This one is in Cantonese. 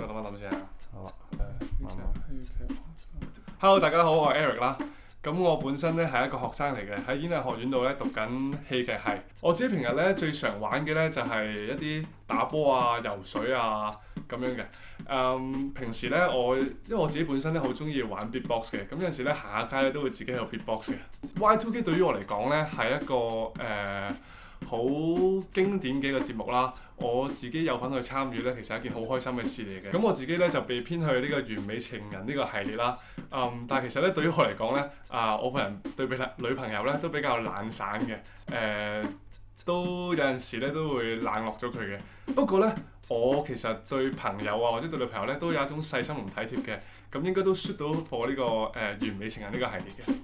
我諗下諗先啊。好啊。Hello 大家好，我係 Eric 啦。咁我本身咧係一個學生嚟嘅，喺演藝學院度咧讀緊戲劇系。我自己平日咧最常玩嘅咧就係一啲打波啊、游水啊。咁樣嘅，誒、嗯、平時咧我，因為我自己本身咧好中意玩 beatbox 嘅，咁、嗯、有陣時咧行下街咧都會自己喺度 beatbox 嘅。Y2K 對於我嚟講咧係一個誒好、呃、經典嘅一個節目啦，我自己有份去參與咧其實係一件好開心嘅事嚟嘅。咁、嗯、我自己咧就被編去呢個完美情人呢個系列啦，嗯，但係其實咧對於我嚟講咧，啊、呃、我份人對比女女朋友咧都比較懶散嘅，誒、呃、都。有陣時咧都會冷落咗佢嘅，不過咧我其實對朋友啊或者對女朋友咧都有一種細心同體貼嘅，咁、嗯、應該都輸到破呢、呢個誒、呃、完美情人呢個系列嘅。